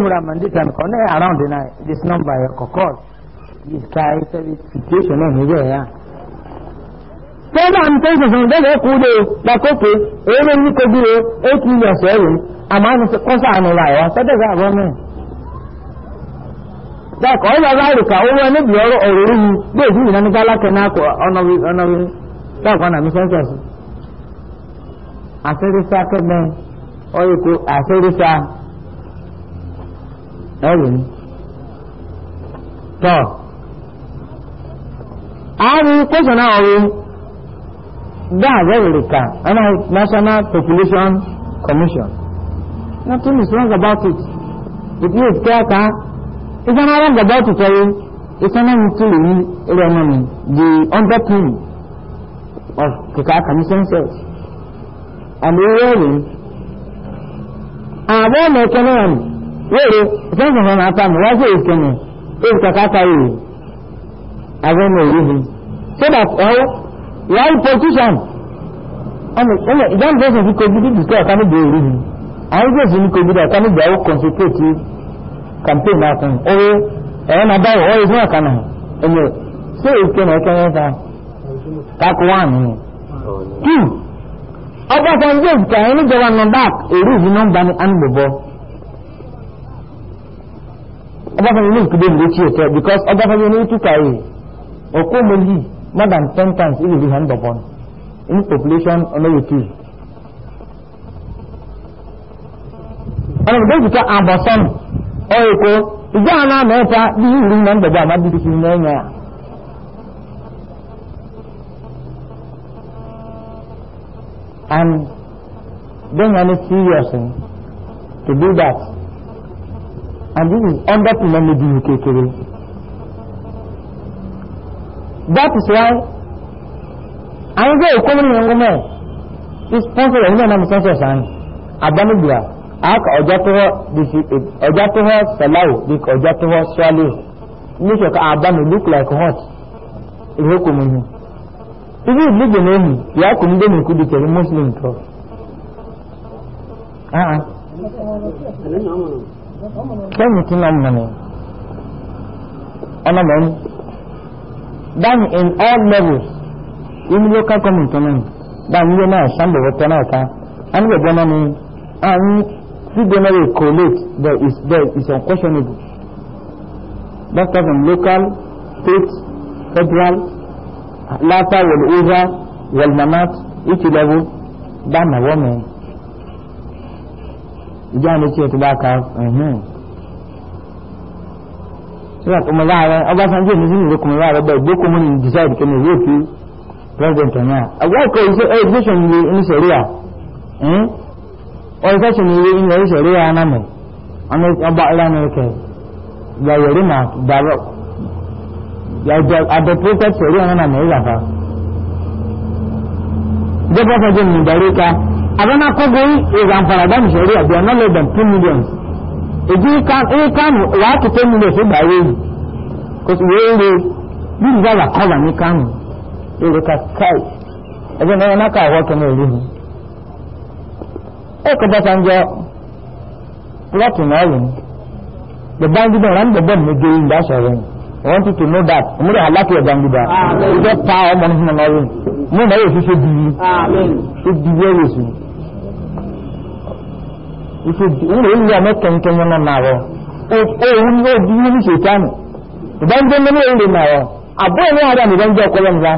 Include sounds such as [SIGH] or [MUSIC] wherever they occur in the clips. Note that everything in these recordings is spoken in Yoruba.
Imran this and connect around dis night. ya number you could call. This guy is a situation in his area. Tẹ́lá ń tẹ́ ìṣẹ̀sùn lẹ́lẹ̀ kú lé lakókè èrè ní kojú o eight million sẹ́yìn àmọ́ àwọn kọ́sà àmì ra ẹ̀wọ̀n sẹ́dẹ̀sẹ̀ àbọ̀ mẹ́rin. Dàkọ̀ ọ̀rọ̀ aláìríkà owó na bí ọ̀rọ̀ ọ̀rọ̀ yìí bí èsì ìrìnà ní Gálákẹ́ náà kọ ọ̀nàwí ọ̀nàwí ẹ̀rùn tọ́ ààrùn kwẹ́sàn náà rí dáa rẹ̀rẹ̀ka ana national population commission nothing is wrong about it If it is kẹ́ẹ̀ka it's not wrong about it ẹ̀rọ it's not wrong to lè ní ẹ̀rọ ọmọ mi the underpinning of kìkà commission says and the way rí àwọn ọmọ ẹ̀kẹ́ náà wéèrè ìfẹ́sẹ̀ fún mi wá ìkẹnì èyí kàkà káyè àwọn èyí fi so that ọ̀ wáyé politician ọmọ ìjánu fẹ́sẹ̀ fi kojú bí bìkọ́ ọ̀ká níbi èyí fi àwọn ìjọ sí kojú bí ọ̀ká níbi àwọn concentrate campaign náà fún owó ẹ̀rọ náà báwọ̀ ọ̀rọ̀ ìfún ọ̀ká náà ẹ̀yẹ sí ìkẹnì two ọbáfẹ́mi ní ìkúdé ìlú tí ètò because ọbáfẹ́mi ní túkà yìí ọkọ mo yìí more than ten times ìlú rí hàn bọ̀bọ̀n in population ọlọ́yẹ̀tì. ọlọ́run bẹ́ẹ̀ jùlọ àbọ̀sán ọ̀ẹ́kọ́ ìjọ àná mẹ́ta bí ìlú rí hàn bọ̀bọ̀n àmọ́ bíbí sí ní ẹ̀yà. and then when it's serious to do that. and this is under Pinamidi Ukekere. That is why I am very common young woman. This of women and sponsors and Abanibia, Ak Ojatoho, eh, Ojatoho Salau, Dik Ojatoho Swali, Nishok Abani look like hot. Ihokumuni. If you look the name, Yakumdeni could be a Muslim. uh lẹ́yìn tí wọ́n mọ̀ ní ọ̀nà mọ̀ọ́nì down in all levels inú local government náà down ilé náà sáńdọ̀ wọ́pẹ́ náà ká wọ́n gbẹ̀gbẹ́ náà ni àwọn fídíẹ̀nẹ́rì collate there is there is unquestionable doctor from local state federal later will over will manat each level down na woman ìjọ ni tí o ti bá ka sígbà kò mọ láàárẹ ọbaṣanjú èmi sí ìlú kò mọ láàárẹ bẹẹ gbókò mọ ní decide kí ni yóò fi president ọ̀nà àwọn ọkọ iṣẹ education ni ní sẹríà education ni ní ẹrí sẹríà anamọ ọba ìlànà ìkẹ yàyẹrí mà dàrọ yàjọ adọpọtẹ sẹríà anamọ ìlànà ìjọba fẹjọ ní ìdarí ká abana kogoyi ezamfara damu sheria they are not less than two millions èjì ìkànnì wà á tètè mílíọ̀nù tó gbà wéyìí kò sì wéyìí rè bí ìgbà wà kọ́là ní kánò èrè kàkàì ẹgbẹ́ náà náà káwọ́ kẹ́mẹ́ òru ni. ẹ̀kọ́ bá sanjọ́ plọ́tù náà wò ni the bangidan ran the bomb mege in that show i want you to know that omori alaki ọgbangida ìjọ pa ọmọ nínú ọmọ rẹ mú náà yóò fi ṣe bí i ṣe bí i ẹ̀rọ sí i ìṣe ìwé ìlú amẹ́kẹ̀ǹkẹ̀ yẹn náà máa rọ òun ló di ní ṣètánì ìbánjẹ́ mẹ́lẹ́ èrè máa rọ àbúrò ní àdá ní ìbánjẹ́ ọkọ̀ lẹ́nu bá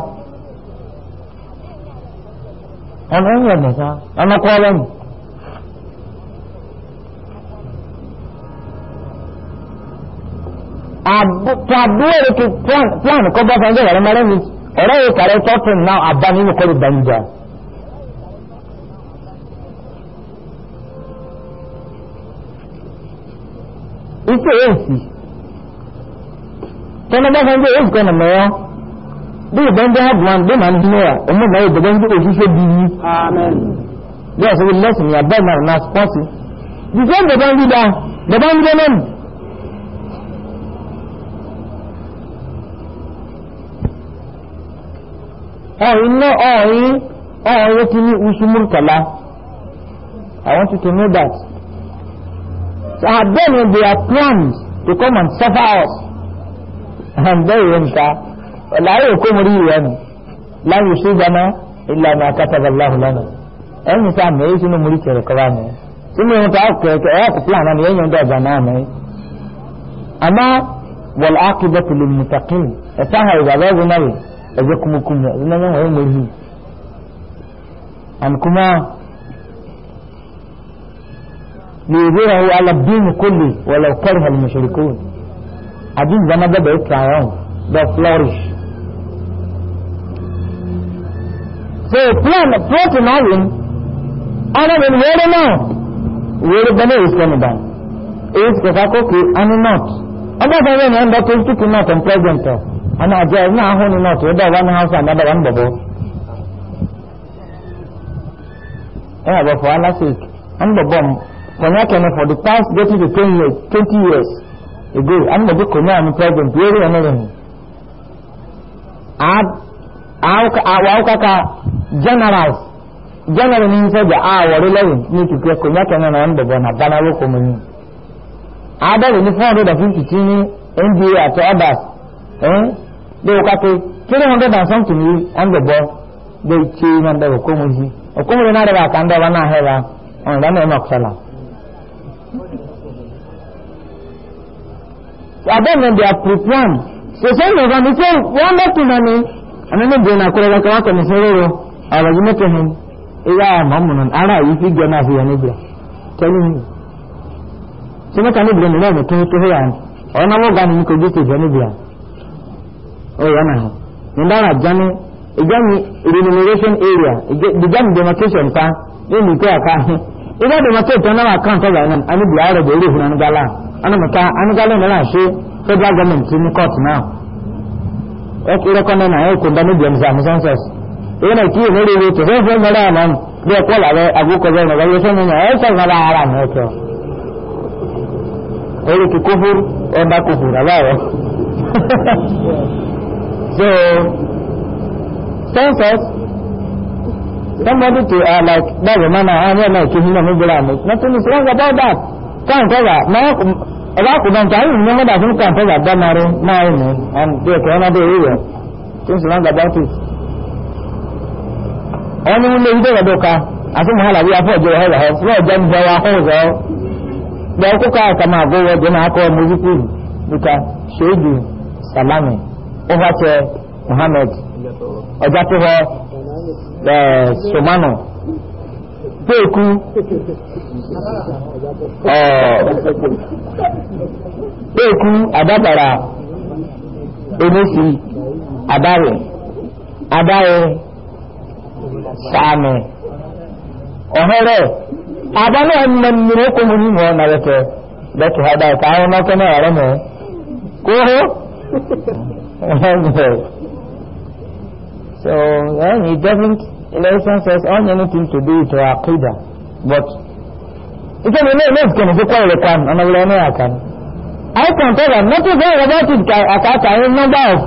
ọ̀nà ń rẹ̀ bàtà ọ̀nà kọ́ lẹ́nu. àbúrò rẹ̀ kí plan kọ́ bá fanjẹ́ ìyàrá máa lẹ́nu ọ̀rẹ́ yìí kàrẹ́ tọ́tún náà àbá nínú kọ́ lè bá ń jà. pé èsì tọ́nà bá sọ pé èsì kan nàmọ́ yọ bí ìbẹ́ndé àgbọn bí màá ní ẹ̀ ọmọ ìmọ̀ náà náà spọ́ọ̀sì ìfẹ́ ní usumurkala i want you to know that So had then when they are planned to come and suffer us, and they went out. ولا يكون ريئا لا يصيبنا إلا ما كتب الله لنا أين سامي أي شنو مريك ركواني سمي متعوك كأياك فلانا أين يندع زنامي أما والعاقبة للمتقين أساها إذا باب نبي أجاكم كم إنما هو مرهي أنكما ليظهره على الدين كله ولو كره المشركون عديد زمان ده بقيت عيان ده فلورش so plan plan to marry ana bin where now where the money is coming down is ko kako ki ana not aba ba ne anda ko to kuma kon present ana aja na ho ni not da wan house ana da wan babo eh ba fa ala sik an babban Konyakene for the past getting to 10 years, 20 years ago, I'm not Konyakene president, very annoying. Awakaka generals, general means that the hour eleven need to get Konyakene and the Bona Banaro Comuni. Other than 450 NBA to others, eh? They were cutting 300 and something on the ball. They change and they were coming. Okumuni Naraka and the one I have on the name of Salah. abẹ́ẹ̀ náà they are prepared so sẹ́yìn nìkan ní sẹ́yìn wọ́n mẹ́tò náà ni àná ní bìrì náà kúrẹ́ lọ́kọ́ wákẹ́ ní sẹ́yìn rẹ̀ ọ̀rọ̀ yìí mẹ́tò hẹ́n ìyá àmọ́mùnà ara yìí fi gẹ́ náà fi yẹ níbi tẹ́lẹ̀ mi tí mẹ́ta ní bìrì náà tó tó hẹ́yà ni ọ̀rọ̀ náà wọ́n ga ni kò gbé tèjọ níbi à ọ̀rọ̀ náà hàn ní dára jáni ìjáni remuneration area ìjáni demarcation pa ní nìkẹ́ àká ìjáni demarcation náà account ọ̀gá náà àníbi àárẹ̀ bẹ̀rẹ̀ ìhùnà nígbà láà anamika anigalo nana ase federal government ni court now ẹkọrẹkọnẹ náà ẹkọ ndanu bìọ musa musa nsọs èyí náà kí èmi rèé tó fẹẹ fẹẹ mẹrẹ àná bí ẹkọ làwẹ agbókọjọ náà wáyé fẹẹ mẹyà ẹ sọ ìmọlá ara mi ẹkọ ẹrẹ kí kófúrú ẹba kófúrú àbáwọ so census somebody to uh, like that's a man uh, i am here now to him nothing is wrong about that kọ́ńtọ́gà ọba kùdọ̀ntà yìí ní mọ́dà fún kọ́ńtọ́gà dámarí náà ní ọ̀n bí ẹ̀kọ́ ọmọdé ìwẹ̀ tí ń sùnà gbàgbọ́tì wọ́n a ilé ìdó ìrọ̀dọ́ka àti mọ́hálà bí afọ́ ìjọ ọ̀hẹ́rẹ̀ ọ̀ fún ọ̀jẹ́ ìjọ wa kọ́ ọ̀zọ́ bẹ́ẹ̀ kúkọ́ àkàmà àgọ́wọ́ jẹ́ máa kọ́ ọmọ ìdíkù nípa ṣéèdù salami overture muhammed ọjà tó họ ṣomano tóòkú tóòkú àdábàrà oníṣì àbárẹ̀ àbárẹ̀ sàánù ọ̀hẹ́rẹ́ àbánà ẹnìyàn kò mú nínú ọ̀nà rẹ̀ lẹ́tù àdá ìta àwọn ọmọ ọkọ̀ náà rẹ̀ mọ́ kó hó [LAUGHS] so yeah, he doesn't Election says on anything to do to Aqidah. But it can be no less can be quite a can and a can. I can tell them not to go about it. I can't I number of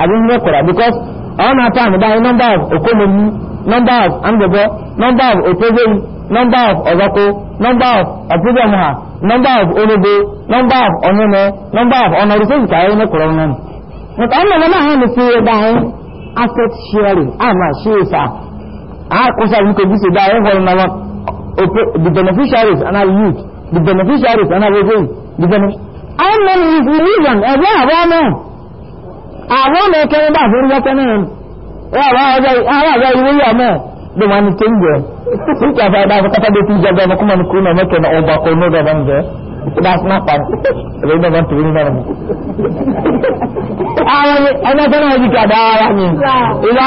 I didn't because on our time by number of Okonomi, number of Andobo, number of Otozo, number of Ozako, number of Apujamuha, number of Onobo, number of Onene, number of Onorizin Kayane Koronan. But I'm not going to see a dying asset sharing. I'm a she a Akosa you could be said that the beneficiaries and our youth, the beneficiaries and our women, the beneficiaries. How many is religion? Ẹgbẹ́ àwọn ọmọ àwọn ọmọ ẹkẹrin bá fún ọjọ́ náà wọ́n àwọn ọjọ́ ìwé ọmọ bí wọ́n ti ń jẹ́ sí kí àfẹ́ ẹ̀dá afẹ́kọ́tà bí ti jẹ́ ọmọ kúmọ̀ ní kúrò náà mẹ́kẹ́ náà ọba kò ní ọjọ́ bá ń jẹ́ that's not part ẹ̀rọ ìdọ̀bọ̀ tó rí náà. Àwọn ẹni ẹgbẹ́ náà yìí kàdá ara ni. Ìlà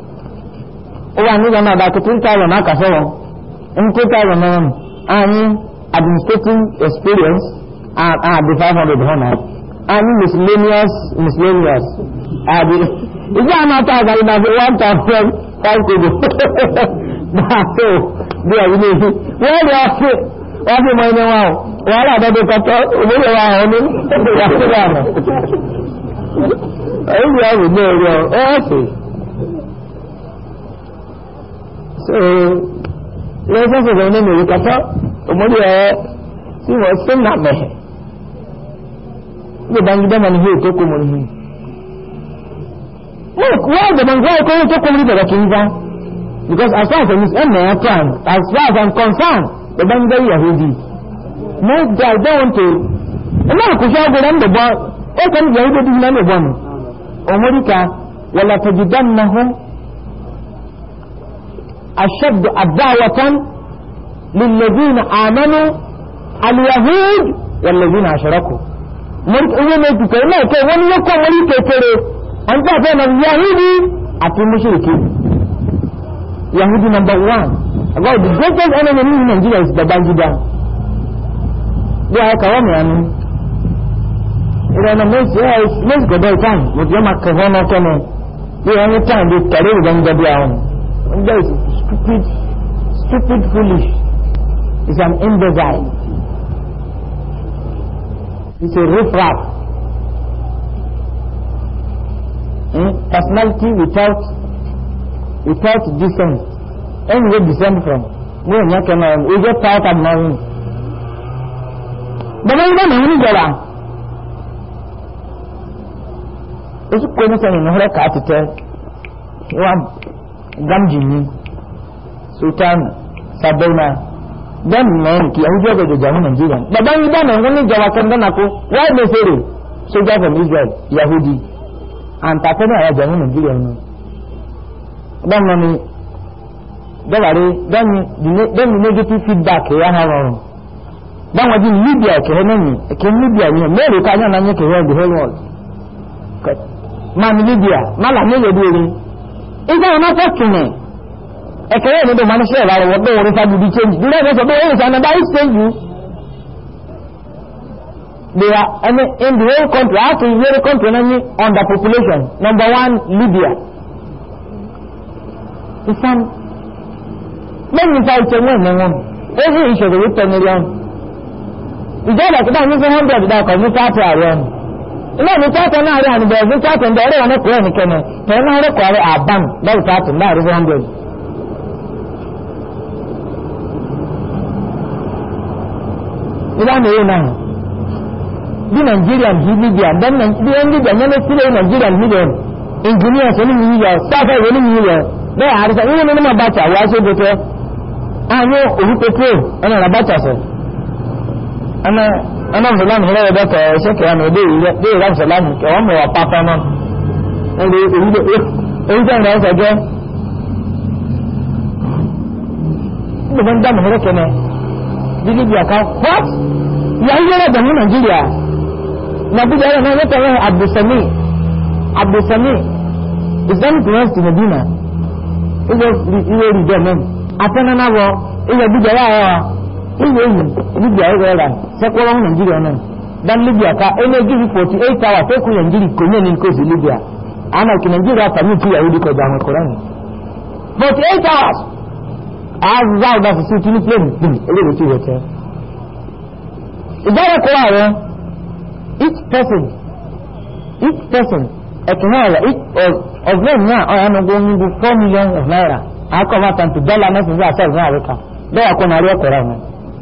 wa ni zama ba ku tun tare ma ka sawa in ku tare ma wani an yi administrative experience a a the 500 hana an yi miscellaneous miscellaneous a bi ija ma ta ga ina bi one time five to go ba so bi a wile fi wọ́n lè fi wọ́n fi mọ ẹni wọn wọ́n lè àdọ́dọ́ kọ́tọ́ òmìnira wa ọ̀hún ní ìyàsílẹ̀ àná èyí ni a rò ní ẹ̀rọ ẹ̀ẹ́sì so wọ́n sọ́sọ̀ sọ nínú ìwé kata ọmọdé ọ̀ sí wọ́n sí nà mẹ́hẹ̀ ní ìbá ń gbé mọ́ni yóò tó kó mọ́ni yìí wọ́n ìjọba nǹkan ẹ̀kọ́ yóò tó kó mọ́ni bẹ̀rẹ̀ kì í because as far as I'm concerned as far as I'm concerned the bank very yahudi no guy don't want to ẹ̀mọ́ ìkùsọ́ agbèrè ń bẹ̀bọ̀ ó kàn ń bẹ̀rẹ̀ ìgbẹ́ bí i náà ń bẹ̀bọ̀ ni ọmọdé ka wọ́n lọ́tọ̀ jù dáná hó أشد الدعوة للذين آمنوا اليهود والذين أشركوا مرك أول ما تقول ما كي وني يكون ولي كتير أنت فين اليهودي أتي مشركين يهودي نمبر وان أقول the greatest enemy in Nigeria is the Bangida bí a kàwọ́ mi àná ìrànà mẹ́sì gbọ́dọ̀ ìtàn mo ti yọ́ máa kẹfọ́ náà kẹ́nu bí wọ́n ń tàn bí kẹrẹ́ ìgbàgbọ́ bí àwọn. Munda is stupid, stupid, foolish. Is an imbecile. It's a riffraff. Hmm? Personality without without descent. Anywhere descend from. Mo ò ní ẹ̀kẹ́ náà We get part of my But Bàbá yìí lọ́nà òun jẹ̀rà. Oṣù kò ní sẹ́yìn ní ọ̀rẹ́ kà gamjini sultan sabaina dan mai ki an jaga da jami'an Najeriya da ban yi dana wani jawakan dana ko why they say soja from Israel Yahudi and tapena ya jami'an Najeriya ne dan mami daware dan dan negative feedback ya hawo dan waji Libya ke hanani ke Libya ne me ro ka nan ne ke hanani the whole world man Libya mala ne yodi ni ìgbà ọ̀nà fọ́kìnì ẹ̀kẹ́rẹ́ ìnúdò ma ń ṣe ẹ̀rọ àrẹ̀wọ̀ pé orí fagidi change bí lẹ́gbẹ̀ẹ́ sọ pé ó ìṣànà bá is change you they are in the whole country after the whole country na ní under population number one libya ìsan lẹ́yìn ìta ìṣẹ́ wọn ìmọ̀ wọn ó sì ìṣòro wípé mílíọ̀nù ìjọba ìpínlẹ̀ ní fún hundred dákọ̀ ní thirty àrẹ̀ ọ̀nà lẹ́ẹ̀ni táàtà náà rí àrùn bẹ̀rẹ̀ fún táàtà ń bẹ̀rẹ̀ wọn kúrò nìkẹ́nẹ̀ tẹ̀wọ́n náà rẹ̀kọ̀ rẹ̀ àbámu lẹ́yìn táàtà náà rí one hundred. ìlànà èyí náà bí nàìjíríà bí libya bí ẹni libya yẹn ló sílẹ̀ nàìjíríà million engineers onímù yíyọ sáfẹ́ ìwé onímù yíyọ bẹ́ẹ̀ àrísà yíyọ ní ma bàtà wá sí ebètè àwọn òwú pétrò ẹ̀nà àbátà sọ anamsalamu ní ẹ̀rọ dọ́kọ̀ ṣẹ́kẹ̀ àmì ẹ̀dẹ́ ìrọ̀salamu ẹ̀wọ̀n mọ̀ pápá náà ẹ̀rẹ́ orílẹ̀ ìrọ̀ ọ̀sọ̀jọ́ gbogbo ń dámù ẹ̀rẹ́kẹ̀ náà gígí bí ọ̀ká what yà ń yẹ́rẹ̀ dàmú nàìjíríà nàìjíríà rẹ̀ náà lọ́tọ̀ rẹ̀ abdulsami abdulsami islamic west medina ilé ìrìdẹ̀ mẹ́rin àtẹnanàwọ̀ ilé gbígbẹ̀ láàárọ̀ ìwé yìí libya ẹ̀rọ ẹ̀rà sẹ́kọ́rọ́ nàìjíríà náà dan libya ka ẹni ogiri forty eight hours tó kú nàìjíríà kò ní ẹni kò sí libya ana kì nàìjíríà sàmì kí yahoo dikọ̀ jà àwọn kọ̀rọ̀ ni forty eight hours àzá ọ̀dà sísú kí ní plẹ̀mù pin eléyìí tí wọ́n tẹ́. ìdára kọ́ àwọn each person each person ẹ̀kìnrin ọ̀rọ̀ ọ̀gbìn náà ọ̀rọ̀ ẹnu gbọ́ ní four million of naira àkọ́mọ́tàn tó dọ́là mẹ́sàn-án sí àṣà ìgbọ́n àríkà lọ́wọ́ àkọ́nà àríọ̀kọ̀rọ̀ náà.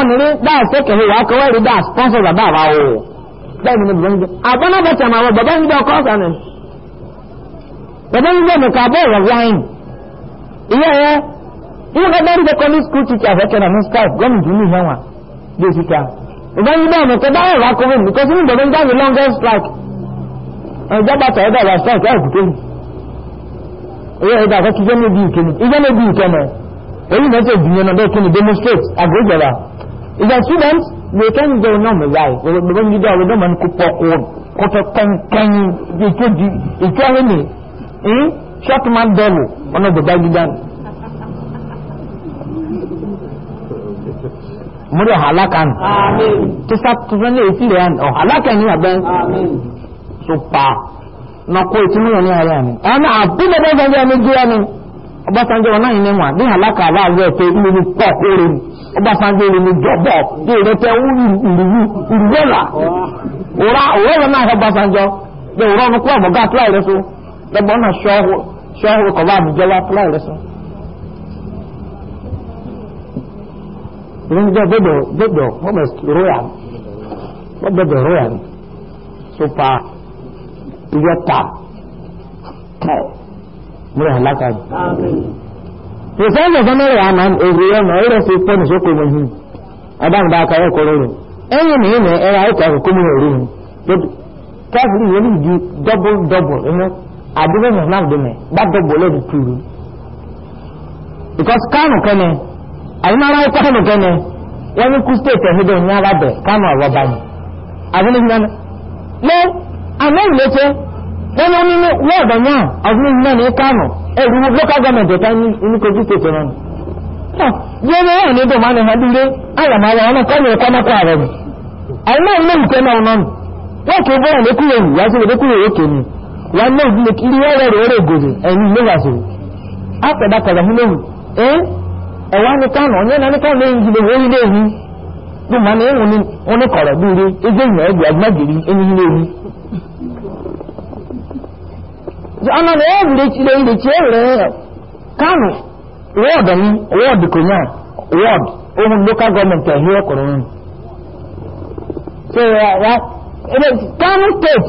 ọ̀nìrí dáa sókèrè wà kọwàá rí dáa sponsor bàbá àwà ooo bẹ́ẹ̀ni ni bàbá àbọ́nà bẹ̀tẹ̀ àmàwọ̀ bàbá ń gbé ọkọ̀ ọ̀sán ni bàbá ń gbé nìkan abọ́ ìwọ̀ wáìn ìyá ẹ̀ ìwọ̀n bàbá ń gbé kọ́lí skul títí àfẹ́kẹ́ náà ní skype gọ́ọ̀mù jù ní ìhẹ́wà bí èsì ká bàbá ń gbé ọ̀nà kẹta ẹ̀rọ akọ̀wé mi kọ́sí ní bàbá ń gbé longest strike ìjábà tọ̀ ẹ̀dá wà strike láì kúkẹ́ ìyá ẹ̀dá àkọ́kí jẹ́ níbi ìkẹ́ni ìjẹ́ níbi ìkẹ́ni èyí náà ṣe ìdìyẹn náà bẹ́ẹ̀ kí ni demonstrate àgbẹ̀jọba If the students, they can go normal life. When you do, we don't want to cook or to can can you could you tell me, eh? Short man devil, one of the baby done. Muri halakan. Amen. To start to run it here and oh halakan you have been. Amen. So pa. Nako itinu ni ayani. Ana abin da ban ga ni ọbasanjọ wọn náà yìí níwọ̀n ní àlákà aláàzọ ẹ̀kẹ́ ilé ní pọ̀ orin ọbasanjọ ilé ní jọ̀bọ̀ ní ìrẹ́tẹ̀ ìrùwú ìrùwẹ́là òrà òwẹ́lẹ̀ náà ẹ̀kọ́ ọbasanjọ ní òrà ọ̀nà kúrò ọ̀gá àtúrà ìrẹsọ lọ́gbọ̀n náà ṣọ́ọ̀hù kọ̀ọ̀bá àbújọ́lá àtúrà ìrẹsọ. ìrìnjọ bẹ́bẹ̀ bẹ́bẹ̀ mọ́mẹ́s royal wọ́n bẹ́bẹ̀ royal super ìrẹ́ta mura halaka ne to sai ga zama da yana ori ya na ore sai ta mishi ko mun adam da ka yi kororo enyi ne ne era ai ka ko mun ori to kafiri yeli di double double ina adibe ne na de me ba double le turu because kanu kene ai ma rai kanu kene wani ku state ne don ya ba de kanu wa ba ni abin nan ne anan ne ce nínú nínú wọ́ọ̀dọ̀ náà ọdún nínú ní kánò ẹ̀rù local government ọ̀tá inú kojú kòtò náà yóò ní ẹ̀rù nídò máa ní ọdúnlé ayàmáyà ọ̀nà kọ́lù ẹ̀kọ́ náà ààrẹ nì àìmọ́ na ìkẹ́ náà náà nì wọ́n kò bọ́ọ̀ lékúrò yìí wá sí lékúrò òkè ni wọ́n ní ìdílé kiri ọ̀rẹ́ rẹ̀ rẹ̀ gòdè ẹ̀yìn ilé wà sórí apẹ̀dàkọ̀dà húnlẹ́hù ana na ya wuri ci dai da ciye wuri ne kano ward ni ward kunya ward ohun local government ta e hiyo kurun so ya ya kano state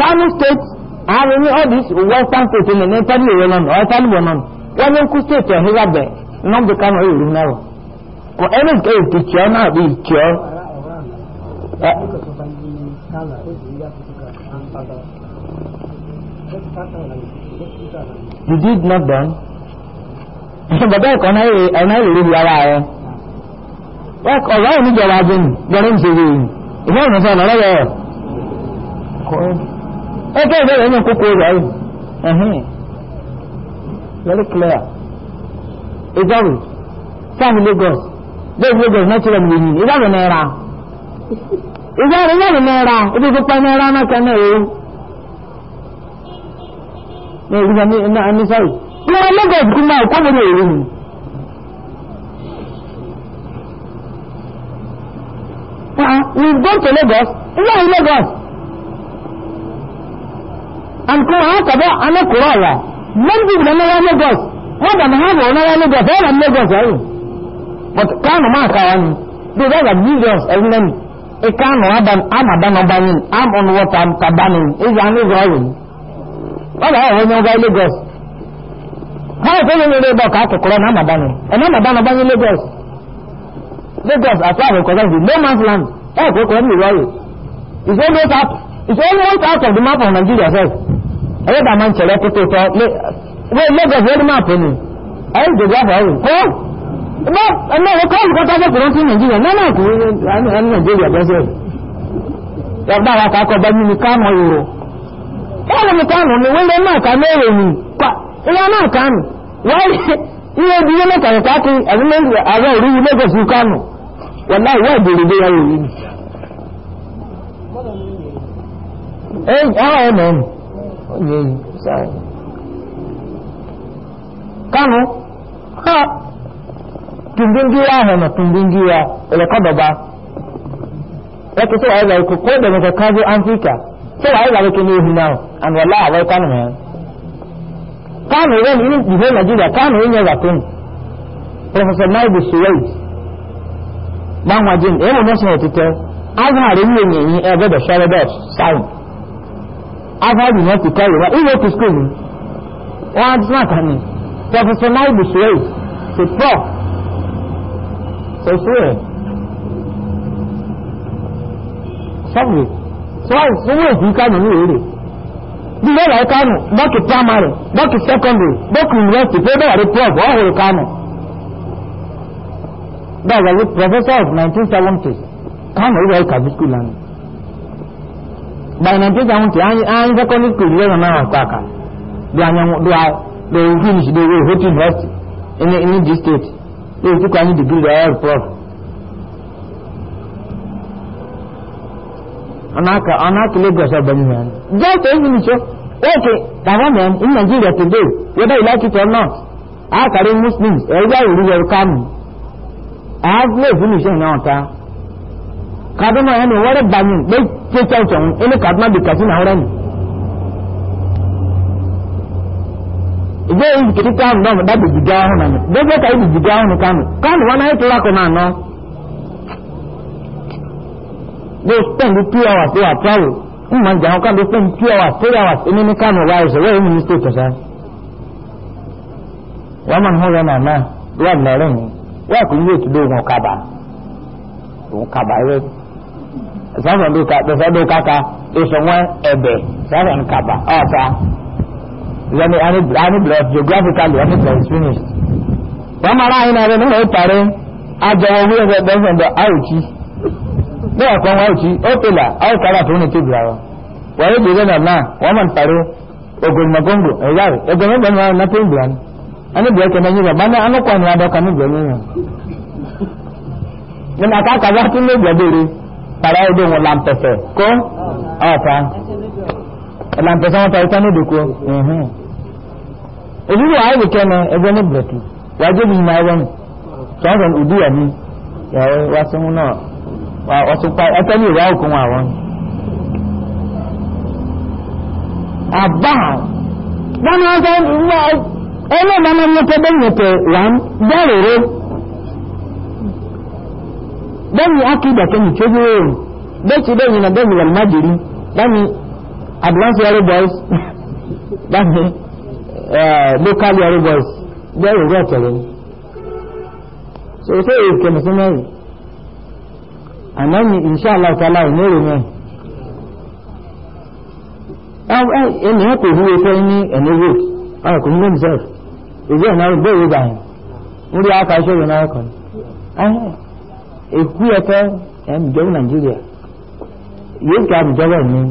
kano state àwọn ní all this western state ní nẹ́tàlì ìwé náà western ìwé náà wọ́n ní kú state ẹ̀ hígbà bẹ̀ náà bí kano ìrù náà wọ̀ kò ẹni kẹ́ ìkìkì ọ́ náà bí ìkì ọ́ you did not born [LAUGHS] bàbá ẹ̀kọ́ ọ̀nà ìrírí bi ara rẹ̀ ọ̀rọ̀ àwọn oníjọba abẹ́nu gbọ́dọ̀ ń ṣe wéyìn ìfẹ́ ìrìnsọ ọ̀nà rẹ̀ ẹ fẹ́ ìbẹ̀rẹ̀ ní kókó rẹ̀ ẹ̀hìn very clear ìjọba sáàmù lagos bẹ́ẹ̀ lagos natural wìnyí ìjọba náírà ìjọba náírà ìjọba náírà ìjọba náírà náà kẹ́ náà ní ìrìnà ní iná anísàì ní ọmọ lagos kú máa kọ́ mọ́lẹ̀ èrè ni we go to lagos iná ní lagos and kò wọ́n kọ̀dọ̀ anákòrò ọ̀rọ̀ lọ́nbí ìgbà náà lagos wọ́n dàmà ha bọ̀ náà lagos ẹ̀rọ lagos ẹ̀rọ but kánù máa kàwá ni bí wọ́n dà millions ẹ̀rọ lẹ́nu ìkánù àmàdánà báyìí àmọ̀nù wọ́ta tàbánì ìyá ní ìrọ̀ ọ̀rọ̀ yìí wọ́n bá wọ́n ní ọba lagos báwo fún mi ní lagos kà á kòkòrò náà màdá ni ẹ̀nà màdá ni ọba ní lagos lagos àti àwọn ìkọ̀rọ̀ ìdí no land ẹ̀ kò kòrò ní ìwọ́yè ìṣe ló ta ìṣe ló out of the map of nigeria sef ẹ̀rọ bá máa ń tẹ̀lé kótó tọ́ lagos lórí map ni ẹ̀rọ ìdòdó àfọ̀ ọ̀hún kọ́ ẹ̀mọ́ ẹ̀mọ́ kọ́ olùkọ́ta fẹ́ kòrò sí nàìjíríà náà kò ní nàìjíríà bẹ́sẹ̀ yọ̀gbá wa kà á kọ́ bá mímu ká mọ́ ìrò ẹ̀rọ mi kánù ni wọ́n lé náà ká mẹ́rẹ̀ mi pa ìyá náà kánù wọ́n ilé ibi yẹn mẹ́ta ìta kí àdúmẹ́sì ààrẹ òrí yìí lẹ́gọ̀ọ́sì kánù wọ́n láì wọ́n ìbèrè dé yàrá òrí ni. ẹ àwọn ẹ̀nà ẹ̀nà ọ̀yẹ́ yìí sáré kánù ha tùndínjúra ọ̀nà tùndínjúra ẹ̀lẹ́kọ̀dọ̀ba ẹ̀kẹ́sọ̀ wàá ìlà ìkókó ẹ̀dẹ̀mẹ̀kọ̀ kájú áfíríkà sọ wàá ìlà ìkókó ní ehu náà and wala awai kano mai kano ran ini jihe najeriya kano yin yawa kun professor naibu suwait ban wajen ɗaya mu masu hotito azharin yin yanyi ebe da sharadat sound azharin ya fita yi ba iya kuskure ne wa ji na kani professor naibu suwait to prof sai suwait sabu suwait sun yi hukanu ne wuri bíbélà ẹ kánò bọ́ọ̀kì primary bọ́ọ̀kì secondary bọ́ọ̀kì university pé bẹ́ẹ̀ rí prof ọ̀hún kánò. that was a professor of 1970s kánò ìwà ìkàbí school lánàá. by 1970 anyi secondary school lẹ́yìn náà wà pàkà do anyanwó do a do finish do wey hotu university in in this state lóòótú kọ́ anyi degree lọ́yọ̀ prof. anaka anaka lagos abani man just eight minutes o okay baba man in nigeria today whether you like it or not a carry muslims ẹgbẹ́ ìlú yẹn kánú àáfíà ìfúnniṣẹ́ náà ta kaduna yẹn ni wọ́n rẹ̀ bani pé kéèké ọ̀tún ẹni kaduna bí katsina ọ̀rẹ́ mi. ìgbé yìí kìtìkà ọ̀nà ọ̀dà bìbìgà ọ̀hún nà ní gbogbo ẹ̀ka yìí bìbìgà ọ̀hún kánú kánú wọn náà yẹ kí wọ́n akọ̀ náà náà they spend two hours they are travel woman jẹ àwọn kan they spend two hours three hours èmi ní kánò wáyé ṣe Where ní mistake ṣe. wọ́n máa ń hó yẹn nàná wọ́n lọ́rẹ́ ni wọ́n kò yíyé tìlú òun kaba òun kaba ẹ̀rẹ́ sáfẹ̀ ló ka tẹ̀sẹ̀ ló kaka èso wọn ẹ̀bẹ̀ sáfẹ̀ ní kaba ọ̀sà yẹni ani blọf geographically ọ̀sẹ̀ tẹ̀ is finished. wọ́n máa ráyìn náà rẹ̀ nínú ìparí àjọwọ̀ wíwẹ̀ bẹ́ẹ̀ bẹ́ẹ̀ sọ̀dọ̀ àrùkí bẹ́ẹ̀ kan wọ́n ti ó pèlà áwùkára tó ní tìbìrà wọn wọ́n yóò dèrè náà náà wọ́n mọ̀ níparí ogun mọ̀góńgò ẹ̀yà rẹ̀ ẹgbẹ́ mẹ́gbẹ́ ní wọn nàpé ìgbìyà ni aníbìyà kẹ́ mẹ́yìn rẹ̀ bá ní anúkọ̀ ní adọ́ka níbìyà ní yàn. nínú àkàkà bá tún lè gbẹ̀dẹ̀rẹ̀ para ẹgbẹ́ wọn làǹpẹ̀sẹ̀ kó ọ̀ta làǹpẹ̀sẹ̀ wọn parí sánú ìdòkó òṣìṣẹ́ wàá ìlú kẹ́nu ẹgbẹ́ ní bìrẹ̀tì wàá jẹ́ bí ìmọ̀ ẹgbẹ́ ni ọ̀túnpa ẹtẹ́lẹ̀ ìwà òkun àwọn. àbá báwọn ọjọ́ ìwà ẹlẹ́mọ náà ní ọjọ́ bẹ́ẹ̀ yẹtẹ̀ wà ń dẹ́rẹ̀rẹ́ bẹ́ẹ̀ akídà kẹ́yìn tó yẹ o bẹ́ẹ̀ tí bẹ́ẹ̀ yìí náà bẹ́ẹ̀ wà lọ́mọdìrí báyìí advance yọrọ boys báyìí eh, local yọrọ boys bẹ́ẹ̀ rẹ̀ ọ̀tẹ̀rẹ̀ so ṣé èyí kẹ́mi sí mẹ́rin àná ní ìṣàlá ọ̀tàlá ìmọ̀rò náà ènìyàn kò hu epo ní ẹ̀nẹ́wò ọ̀rọ̀ kò ní lóun sẹ́f èyí ẹ̀ náà gbé ìgbà yẹn ń rí aka ṣọ́ọ̀rọ̀ náà kàn èkú ẹ̀fẹ́ ẹ̀mìjọ́wọ́ nàìjíríà yóò kí àmìjọ́wọ́ ẹ̀mí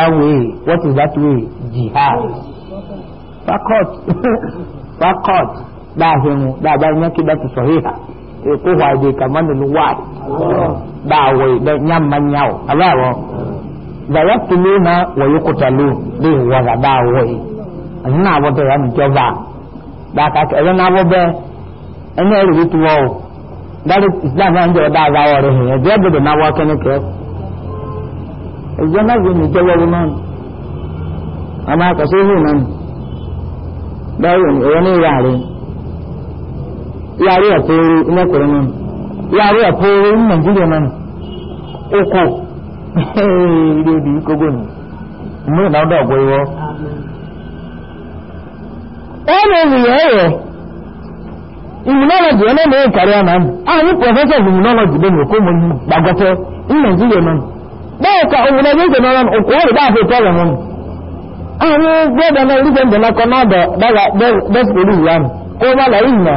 one way what is that way jihad fakọ́t fakọ́t dáa hẹ́mu dáa bá yẹn kí bá ti sọ̀híhà èkó wàá di kàmánìlú dawai da nyamman yawo alawo da yattu luna wa yi kutalu da yi waza dawai ina wata ya mi jọba da ka ka ẹyẹ na wọbẹ ẹni ẹrù wí tuwọ o dari islam náà ń jẹ ọdá àzáwọ rẹ hìn ẹjẹ bèbè náà wọ kẹne kẹ ẹjẹ náà yìí mi jẹwọ wọn náà àmà àkọsí ìhìn náà bẹẹ ẹyẹ yàrá ẹ̀kọ́ orí nàìjíríà náà oko [LAUGHS] ilé ibi kókó ni ìmúlẹ̀ náà dọ̀ ọ̀gbọ́ ìwọ́. ẹnu ènìyàn ẹ̀yẹ immunology ẹ̀nà mẹ́rin kàrí àná àwọn professor of bẹ́ẹ̀ ni ní gbàgọ́tẹ́ ní nàìjíríà náà bẹ́ẹ̀ ka náà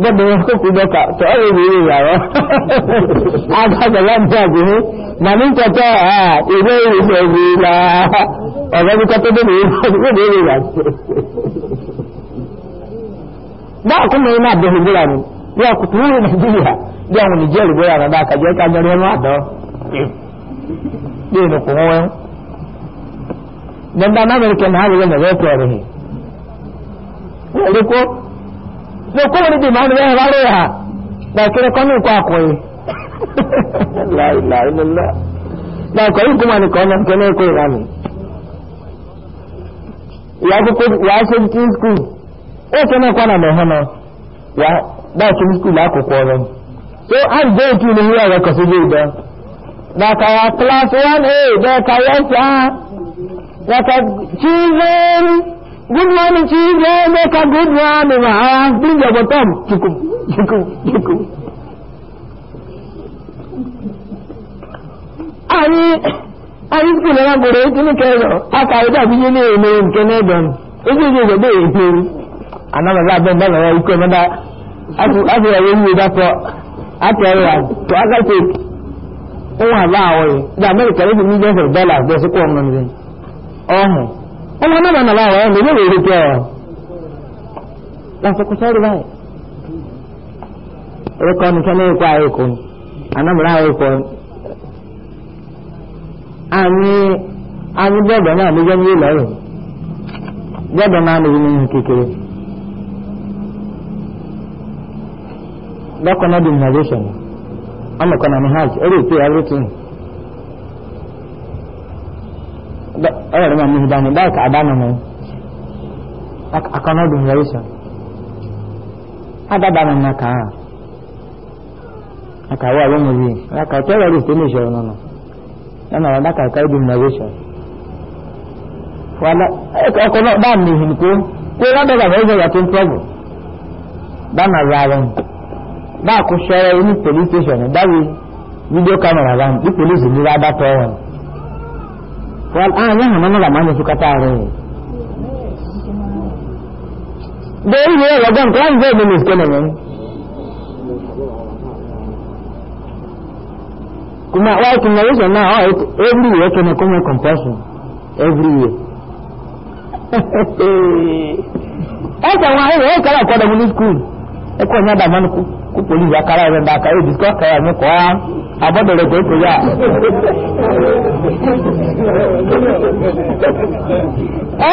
gbọ́dọ̀ wọn kó kú dọ́kà tó ọ̀rọ̀ ìwé ìyàwó agbájọba ní àgbèrè mà ní ini ìwé lah, orang ìlà ọ̀rọ̀ ní kẹtọ́ tó lah. ìwé ìwé ìlà báà kún mi náà bẹ̀rẹ̀ ìgbéra ni bí a kò tó wúrò nàìjíríà bí àwọn nìjẹ́ ìgbéra rẹ̀ bá kàjẹ́ ká jẹ́rẹ́ ẹnu àdọ́ bí ìnù kò wọ́n dandan amẹ́ríkà ne kuma ni dimani ya ware ya da kire kwami kwa koyi la ilaha illallah da koyi kuma ni kona kene ko rami ya ko ya so tin school o so na kwana me hono ya da so school la ko ko so an go to ni ya ka da da ka ya class da ka ya ya ka children good morning to you there, make a good one. I have been there for Tom. Chiku, chiku, chiku. Ani, ani kule na gore kini kero, aka ida bi ni ni nkene don. Eji ni go be epe. Ana ba ba ba na iko na da. Afu afu ya yewu da ko. Aka ya to aka ce. Owa ba awoyi. Da America ne ni je for dollars da su ko mun ne. Oh ọmọ náà nà láwọ̀ ẹ̀ lórí ìlú pé ọ̀ lásìkò sọ́ọ́rì báyìí orúkọ nìkan ní ikú àìkú anamọ̀lá àìkú àmì àmì bẹ́ẹ̀bẹ̀ náà ló jẹ́ ní ìlọ́rùn náà ló ní kékeré lọ́kọ̀ọ́nà denomination ọmọkànnà ní hajj ó lè pay everything. ọ̀rọ̀ rẹ̀ máa ní ìdáni báyìí ká àdánù mi akọ́nà ọdún yẹrí sọ adábàánu náà kà á akàwé àwọn ọmọ yìí ọ̀rọ̀ kàwé tẹ́lẹ̀ rí ìpínlẹ̀ ìṣòro nínú lẹ́nu àwọn adákàwé ká ìdùnnú yẹrí sọ. ọkọ̀ náà bá mi hìn kó kó lábẹ́gbà fẹ́ jẹ́ yàtọ̀ tọ́bù dáná ra rẹ̀ bá والآن يهم أنا لما أنا سكتاري ده إيه يا جماعة كلام زي من مسكين kuma why conversation now oh, it, every year can come a compulsion every year ẹsẹ̀ wọn ayẹyẹ ẹ̀ kára ọ̀kọ́dọ̀ mu ní skul ẹ̀kọ́ ní àdàmọ́ ní kú polisi akara ẹ̀rọ ẹ̀dá akara ẹ̀dìsíkọ́ e akara ẹ̀mí abọ́dọ̀rọ̀ kò kò yá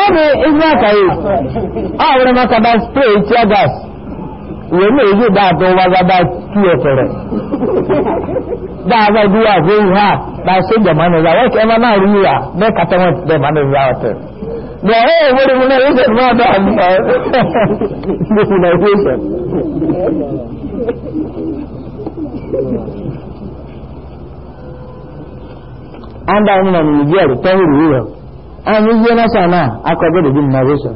ọ́nà ìgbà àkàyè àwọn ọmọ kọba spray tear gas ìwé náà yóò dáadọ́ wágbádá kí ẹ fẹ̀rẹ̀ dáadọ́ bí wà fún ìhà bá ṣe jẹ̀mánà ìyá wọ́n kí ẹmọ náà rí ìyà bẹ́ẹ̀ kàtẹ́ wọn jẹ̀mánà ìyá ọ̀tẹ̀ bẹ̀rẹ̀ ìwérí mú náà ìṣẹ̀ náà dáa ní ọ̀rẹ́ and I'm in Nigeria, tell you the world. And you hear us now, I could get a good narration.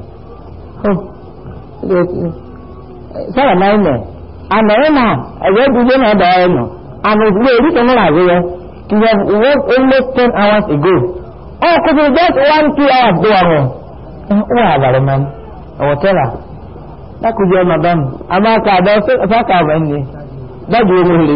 Sára náà nẹ̀, àmọ̀ ẹ̀ náà ẹ̀rọ ìdílé náà dà ẹ̀ nù, àmọ̀ ìdílé orí kan náà àwẹ̀ yẹ, it was work almost ten hours ago. Oh, kò fi just one two hours go àwọn. Ó wà man? mọ́, ọ̀wọ̀ tẹ́lá. Dákùjẹ́ ọmọ bá mi, àmọ́ àkàdọ́ fẹ́ kàwé ni, dájú omi ò lè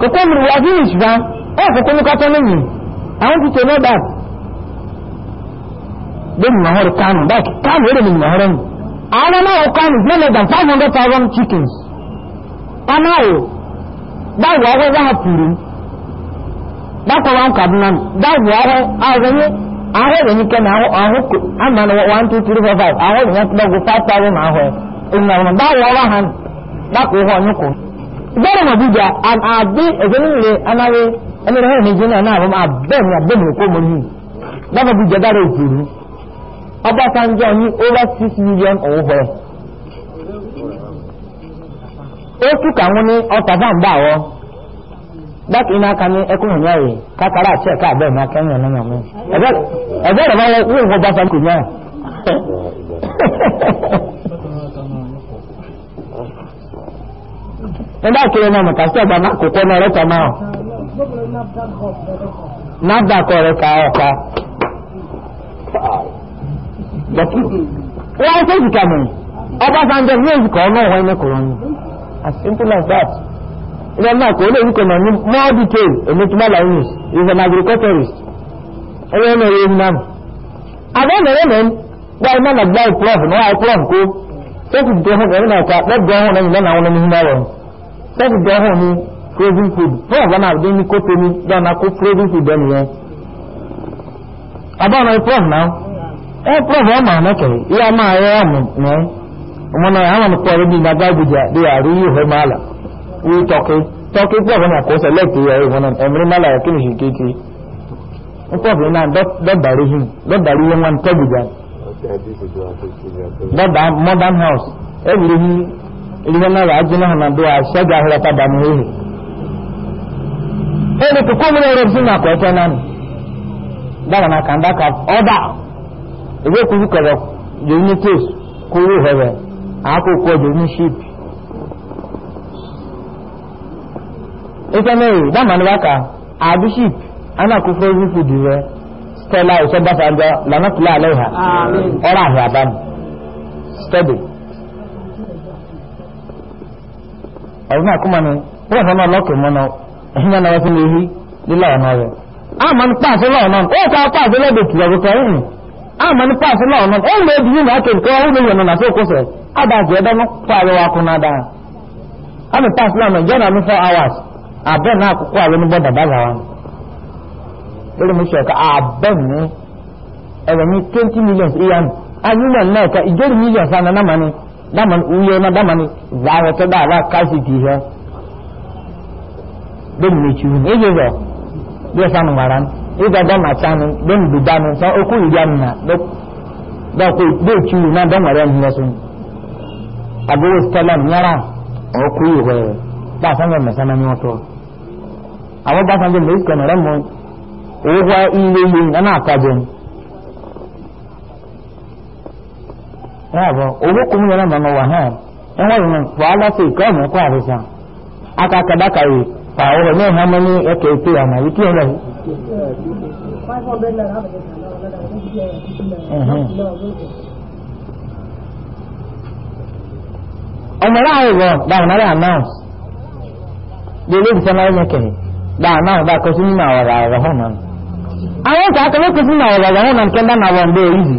kòkó mi wà fún ìṣúná ẹ̀ kòkó ní kọ́tọ́ lẹ́yìn àwọn ti tẹ̀lé dà bẹ́ẹ̀ nìyà họ́rọ̀ kánù báyìí kánù èrè nìyà họ́rọ̀ nù àwọn náà kánù no less than five hundred thousand chickens ọ̀nà ò báwo ọ̀rọ̀ wà pùrù bákan wà ń kàdúnà báwo ọ̀rọ̀ àwòrán ahọ́ ìròyìn kẹ́ni ahọ́ àmàlà one two three four five ahọ́ ìròyìn kẹ́ni ahọ́ five thousand ahọ́ ìròyìn àwọn báwo ọ̀rọ̀ hàn bákan ìhọ́ ọ̀nyẹ́kọ̀ọ́. gbọ́dọ̀ mọ̀ bíjà àbí ẹ̀jẹ̀ nílé anáwé ẹni rẹ̀ ní jẹ́ náà àwọn abẹ́mi abẹ́mi kó mo ní gbọ́dọ̀ bíjà dára òkèèrè ọbásanjọ́ ní over six million owó fẹ́. ó túkà ní bá ń bá wọ́ iná ní ẹkún kákàrà àti ẹ̀ka akẹ́yìn ọ̀nà [LAUGHS] ẹgbẹ́ àkèrè náà mọ̀ká sí ọgbà kò kọ́ náà rẹ́tọ̀ máa náà kọ́ rẹ̀ ká ọ̀ká wọ́n ṣe ìjìká mọ̀ ọba sanjẹ́ ní èjìká ọmọ ìwọ̀n ilẹ̀ kò rọrùn as simple as that ilẹ̀ náà kò lè ríkọ̀ náà ní more detail èmi tó bá láyé news is an agriculturist ẹgbẹ́ ẹ̀mọ̀ ẹ̀rẹ́ ìhìn náà àbẹ́ mẹ́rẹ́ mẹ́rin gba iná nà gba ìpúlọ̀fù náà ìpúlọ̀fù kó ṣé kìí tó hàn ẹ̀rẹ́ náà ká lẹ́gbẹ̀ẹ́ ọ̀hún ẹ̀yìn náà àwọn ọmọ ìhìn náà rọrùn sẹ́ẹ̀sì bẹ́ẹ̀ hàn ní frozen food fún ọ̀gbọ́n àbúdé ní kótó ní na kó frozen food ẹni yẹn abáwọn ẹ prof náà ẹ prof ọmọ àná kẹrì ìyá máa ẹ ọmọ náà ọmọ náà àwọn ọmọ pọ̀rọ̀ bíi nàgbà gbìjà bí àrí yìí hó máa là wí tọ́kí tọ́kí prof náà kó sẹlẹ̀tì ẹ̀ ìwọ̀n náà ẹ̀mìrì máa là kí ni ṣìkì modern house ilé náà wàá jiná hàn àdó àṣẹjà ahọ́rọ̀ padà ní ehe ẹni kókó mi lọ́rọ̀ sí na ẹ̀fẹ́ náà nì dáwọn náà kàn dáka ọ̀dà ìwé kúrú kọ̀rọ̀ yòó ní kéésì kúrú hẹ̀rẹ̀ àákókò ọ̀dọ̀ ní ṣíìpì. ìtẹ́nẹ̀rì dáwọn náà wákà àbí ṣíìpì anákòókò ẹ̀rí fìdí rẹ̀ ndị ìṣẹ́gbàfà lànà kúlẹ̀ ẹ̀rùn náà kúmọ̀ ni wọ́n fọ́n náà lọ́kẹ̀ mọ́ náà ẹ̀hìn náà wọ́n fún ehi lílà ọ̀nà rẹ̀ àmà ní pàṣẹ lọ́ọ̀ náà ó kọ́ pàṣẹ lọ́dọ̀ kìlọ̀rọ̀ kẹrin àmà ní pàṣẹ lọ́ọ̀ náà ó lè dìbò náà kẹ̀kẹ́ ó lè yọ̀nà náà sókò sẹ̀ àbàjẹ́ ẹ̀dá náà pààrọ̀ wa kún náà dáa àmì pàṣẹ lọ́ọ̀ náà jọ́nà mi four hours abẹ́ náà kókó àlọ́ ní bọ́dà bàbá wa lórí mi sọ̀ka abẹ́ mi ẹ̀rọ mi twenty million iyan ayúmọ̀ náà ká ìjọ́rì million sanni náà mà ní daman uyo e e na daman zawo ta da ba kashi dihe don me ciwo ne ke zo bai sanu waran ida da macanin don bidanu san oku iriyan na da ku bai ciwo na don waran hira sun abu stalam yara oku yi wayo ba san yadda sanani wato amma ba san yadda iska na ranmu owó wa ilé yìí nana àkájẹun yàbọ̀ owó kùnú yẹn náà wà hàn ẹ̀ wọ́n yìí wàhálà sí ìkọ́ ọ̀nà ẹ̀kọ́ àrísà akakadaka yìí fà ọ̀rọ̀ náà hàn mọ́ ní ẹ̀kẹ́ ètò àmà yìí kí ẹ̀ lọ. ọmọ náà ìwọ dáhùn náà announce di ilé ìfẹ́ náà ẹ̀kẹ́ dáhùn náà bá kọ́ sí nínú àwọ̀rọ̀ àwọ̀rọ̀ hàn náà. àwọn ìkọ́ akẹ́lẹ́kọ̀ọ́ sí nínú àwọ̀rọ̀ àwọ̀rọ̀ hàn náà kẹ́ńdà náà wọ̀ ń bẹ́ẹ̀ yìí.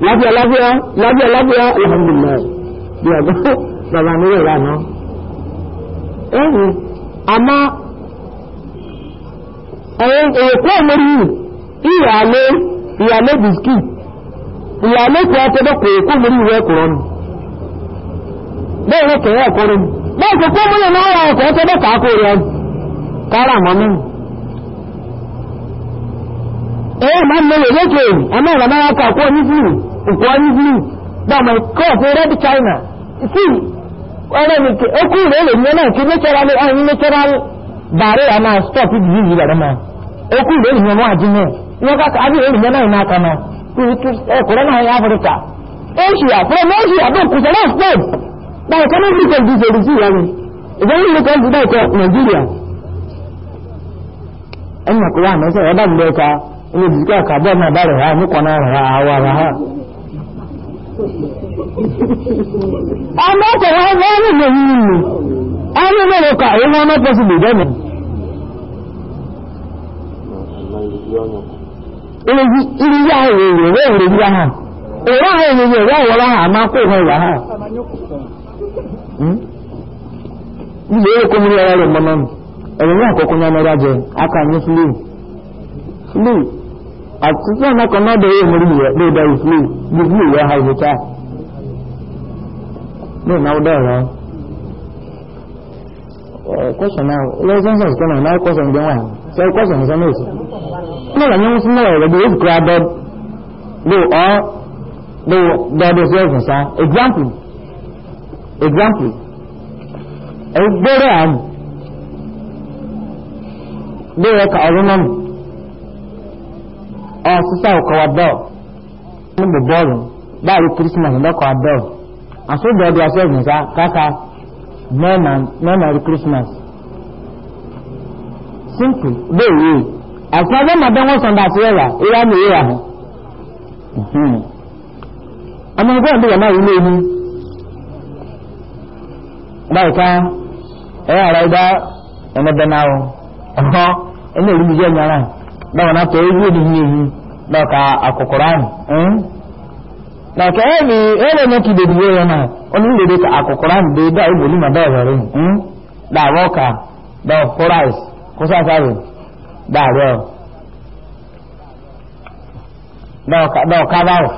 lábíà lábíà lábíà lábíà alhamdulilayi bí ọgbọ́n bàbá mi rẹ̀ wà náà. ẹ̀yìn àmọ́ èkó ọmọrí ìyàlé ìyàlé bisikì ìyàlé kò ọtọ́dọ́kọ̀ èkó ọmọrí ìwé ẹ̀kọ́rọ́ nù bẹ́ẹ̀ ni kẹ̀yẹ́ ẹ̀kọ́rọ́ nù bẹ́ẹ̀ kò kó ọmọrí náà ọkọ̀ ọtọ́dọ́kọ̀ akọ̀rọ̀ kárà mọ́ náà. eh man ne yake amma rama ya ka ko nizli ko nizli da mai china si natural natural stop disease na africa asia from asia ẹnìyàn wà ilé ìdíkà kàbọ̀ náà bá rẹ̀ ha níkọ̀ọ́nà rẹ̀ àwọ̀ rẹ̀ ha ọmọ ọkọ̀ wọn wọ́n rí lè yìí nù ọmọ mẹ́rẹ̀ kà ìwọ́n ọmọ pẹ̀sì lè dẹ́nu ilé yá èrè rẹ̀ rẹ̀ yá ha èrè àwọn èrè rẹ̀ wọ́n wọ́n ha máa kó ìwọ̀n ìwà ha ilé èrè kó múlẹ̀ rẹ̀ mọ́nà ẹ̀rẹ̀ ní àkọ́kọ́ ní ọmọ rájẹ aka ní fúlẹ̀ fúlẹ̀ akukwa na kɔnɔ de ye mori yɛ de da ifili ifili yɛ ha ibuta ne na ɔda yɛ kɔsɔn na ɔlɔ sɛnsɛn sɔn na n'ayi kɔsɔn gbɛn wa sɛ kɔsɔn sɛn n'o sɛ ne la nyɔnsu ne yɛrɛ de efi kura dɔ do ɔ do dɔ do sɛ ɛfɛ sa example example ɛgbɛrɛ am de yɛ ka ɔlɔ nɔmu. ọ̀sísá ọkọ̀ wa dọ̀ níbo bọ́ọ̀lù báyìí kírísímàsì lọ́kọ̀ wa dọ̀ àsọdọ̀ ọdún aṣọ ìgbìnsá káka mẹ́ẹ̀mà rí kírísímàsì. simple bẹ́ẹ̀ yìí àti ọjọ́ màdá wọn sọ̀ndà àti ẹ̀rà ìyá mi ìyá hàn. ọmọ ẹgbẹ́ ọ̀dọ́ yàrá yìí lé ní báyìí ká ẹ̀rọ àrà ìdá ẹ̀mẹ́bẹ̀ náà ọ̀họ́ ẹ̀mẹ́ ìlú mi jẹ́ ìyára yìí. náà wọn atọ ewu ni yìí yìí náà ka akọkọrọ ahụ na ka ẹni ẹni ẹni kì bèbí yẹ yẹn náà ọni ń lèdè ka akọkọrọ ahụ dèé dáa ìbò nímà dáa ìwẹrẹ yìí dáa wọkà dáa kọráìs kọsá sáré dáa rẹ ọ dáa kábàáwò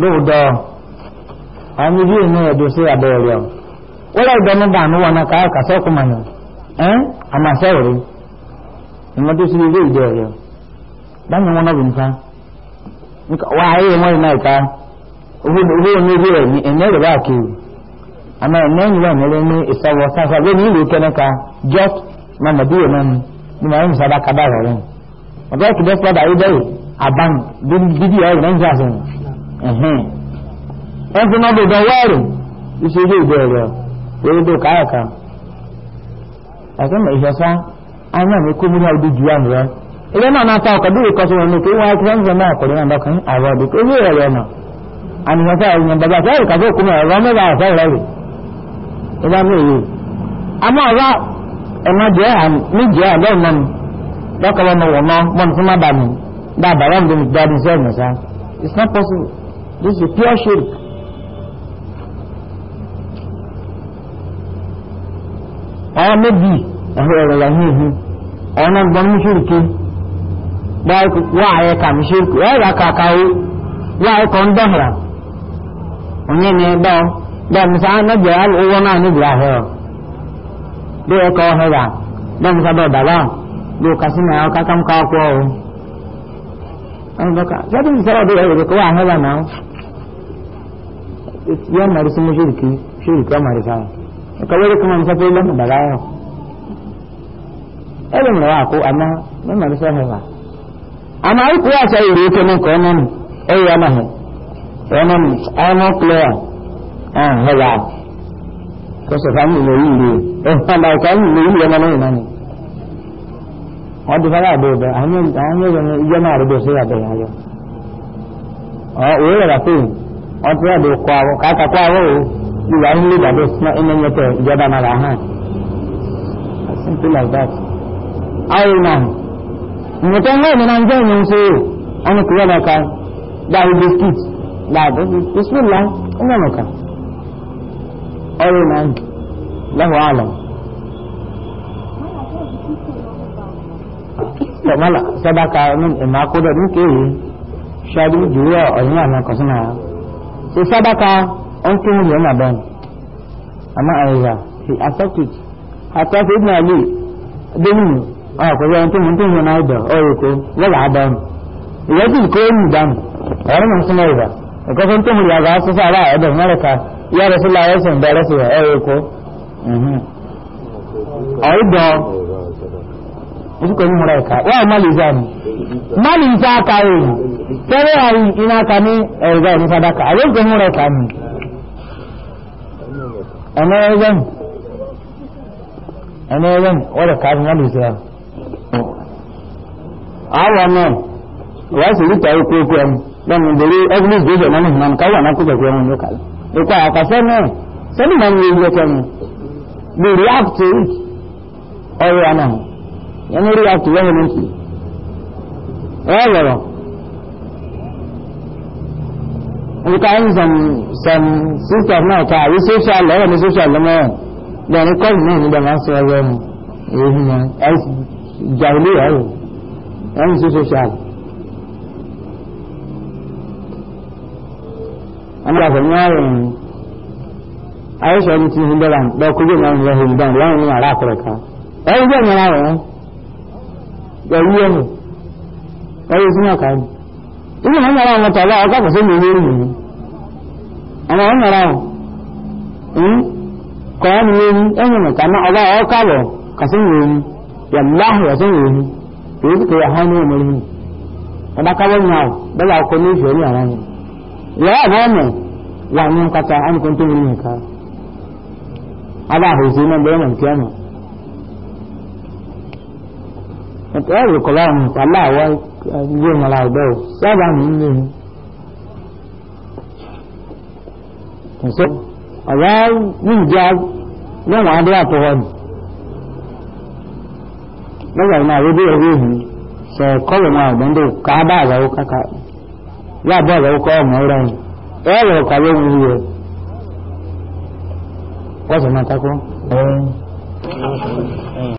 lóòdọ àwọn ibi ìnáyà dòsí àbẹ̀rẹ̀ ọ wọ́n lọ́ọ́ ìdánwò bá wọn náà káyọ̀ kàṣẹ́ ọkùnrin mọ̀ ɛn amasawari ɛnma tó sigi ilé ìdè ọyọ báyìí wọn náà nǹkan wà á yẹ wọn náà ìka owó ní owó rẹ ní ẹ̀yìn ẹ̀rọ bá kéwì àmọ́ ẹ̀yìn ẹ̀yìn wà nílẹ̀ ní ìsàwọ̀ sáfà bẹ́ẹ̀ ní ìlú kẹ́nẹ́ka just máa nàbí yẹn náà ni ní màá yẹn sábà ẹ̀sẹ̀ mọ̀ ìṣẹ̀sán àwọn àmì kó múlá ibi jù àmì rẹ̀ ilé náà náà ta ọkọ̀ bí ìkọ́sí wọn ní kí wọ́n ti fẹ́ǹsẹ̀ náà kọ̀ nínú ọkàn àwọn ọdún kí ó yẹ rẹ̀ mọ̀ àníyànfẹ́ àìyàn bàbá àti ẹ̀rìkà tó kúmọ̀ ẹ̀rọ mẹ́ta àfẹ́ rẹ̀ rè ìbá mi èyí àmọ́ ọ̀rọ̀ ẹ̀mọ́ jẹ́ àmì jẹ́ àbẹ́ ìmọ̀ mi lọ́kọ̀ wọn wọ̀ mọ́ mọ́n fún mábàmì dábàá wọn bí mi dáadé sẹ́yìn sá it's not possible this is pure shirk ọmọdé ẹ̀họ́rọ̀ yahihu ọ̀nà gbọ́n ṣìrìkì wọ́n ààyẹ kàmì ṣìrìkì wọ́n rà kàkàwé wọ́n ààyẹ kọ́ ń dọ̀hìrà onye ni dọ́ dọ́ musa mẹ́jọ owó náà níbi àhẹ́rọ̀ bí ẹ kọ́ ọ̀hẹ́rà dọ́ musa bọ̀ bàbá bí kàsí náà ọ kàkàm kọ́ ọkọ̀ ọ̀hún. sọ́dún sọ́dún bí ẹ̀rọ kọ́ àhẹ́rà náà yọ́n mọ̀rí sí mú ṣìrìkì ṣìrìkì ọmọ kawai kuma musafi lamu da gaya ilim da wa ko amma mun mara sai ba amma ai ko ya sai ruwa nan ko nan ai ya mahe wannan ana clear ah hawa ko sai kan mu yi ne eh kan da kan mu yi yana nan nan wadu fara do da amin da amin da yana rubo sai ya da yayo ah oye da fe on tura do kwa ka ka kwa wo Largely that is not in any way Yada Marahan. Something like that. ai người ta nói mình chơi là cái, All now. Mutanga Mananja Munsu on ai Kuranaka. là is biscuit. That is Bismillah. Unanaka. All now. Lahu Alam. Sabala, Sadaka, I mean, Imako, that you carry. Shadi, Julia, or Yana, sao đã Sadaka. ọ̀ntún wọn yẹn nàbẹ́ ni àmọ́ àyà he accepted àtà sí ibùdó àlè dẹ́nu ọ̀kọ̀ọ̀kọ̀ ọ̀ntún wọn tó ń yẹn náà dọ̀ ọ̀rọ̀ kó lọ́la àdánù ìyẹ́dì kó ń dànù ọ̀rọ̀ mọ̀ sínú ìgbà ẹ̀kọ́ tó ń tó múlẹ̀ àgbà sọ́sọ́ àlà ẹ̀dọ̀ mẹ́rẹ̀ka ìyá rẹ̀ sí láyé sùn bẹ̀rẹ̀ sí ọ̀rọ̀ kó ọ̀rọ̀ ìsìkò ní múra ẹ̀ka wọ́n mọ́lì ìzá ni mọ́lì ìzá aka rẹ̀ tẹ́rẹ̀ àrí ni ẹnẹ́rẹ́gbẹ́n ẹnẹ́rẹ́gbẹ́n wọ́n rẹ̀ káàkiri wọ́n lè sẹ́ra àwọn ọmọ wọ́n sì ríta ikú ikú ẹmu lọ́nà ìdèrí ẹ́gbẹ́lẹ́sì gbèsè mọ́nà ìmọ̀ káwọn anákùnjẹ̀ pé ẹmu yóò kàlẹ̀ ikú àkàṣẹ́ náà sẹ́ni mọ́ ní ilé ẹkẹ́ mu bí react to it ọ̀rọ̀ àná yẹn ní react to wọ́n ní sí ẹ̀ lọ́rọ̀ nǹkan some some sisters náà ká àrí social lọ́wọ́ social lọ́mọ́ lẹ́ni kọ́ọ̀lù náà nígbà máa ń sọ ọgbẹ́ ni jàwélé ẹ̀rọ ẹ̀rọ social. wọ́n bá fẹ̀ ní ààrùn àyẹ̀sọ̀ ní ti hìndẹ́rà lọ́kùnrin náà ń lọ hìndẹ́rà láwọn ní àrà àkọrẹ̀ kan ẹ̀rọ jẹ́ ìyẹn ààrùn ẹ̀ pẹ̀lú ẹ̀rọ ẹ̀rọ sí náà kàá ní. ilé ìwọ̀n yàrá àwọn àwọn ọ̀nàrà ọ̀ kọ̀ọ̀nù ewu ẹ̀yìn nìkan náà ọba ọ̀kàlọ̀ kàsíyìn ewu yàláhù ọ̀sẹ̀yìn ewu èyí tí kò yà hàn ní ọmọ ewu ọba káwọ́ ní àwọ̀ bẹ́ẹ̀ ọkọ̀ ní ìfẹ́ ní àwọn yẹn ìyàwó àbọ̀ ọ̀nà wà ní nkata ẹnìkan tó wọlé nìkan abá àhòsí náà bẹ́ẹ̀ mọ̀ nkíọ́nà ẹ̀rọ kọ̀ọ̀lá ọ̀nà wàláhù ọ̀gbẹ́ nso ọ̀rọ̀ níjà lọ́wọ́ adé àtọwọ́ ni lọ́wọ́ ìmọ̀ àwọ́dé ẹ̀rọ ìhìn sọ kọ́lọ̀ náà ọ̀gbọ́ndé káàbà àwọ̀ káka yàbọ̀ àwọ̀ kọ́ ọmọ ọ̀rọ̀ yìí ẹ̀rọ kàwé wù yẹ wọ́n sọ máa takọ́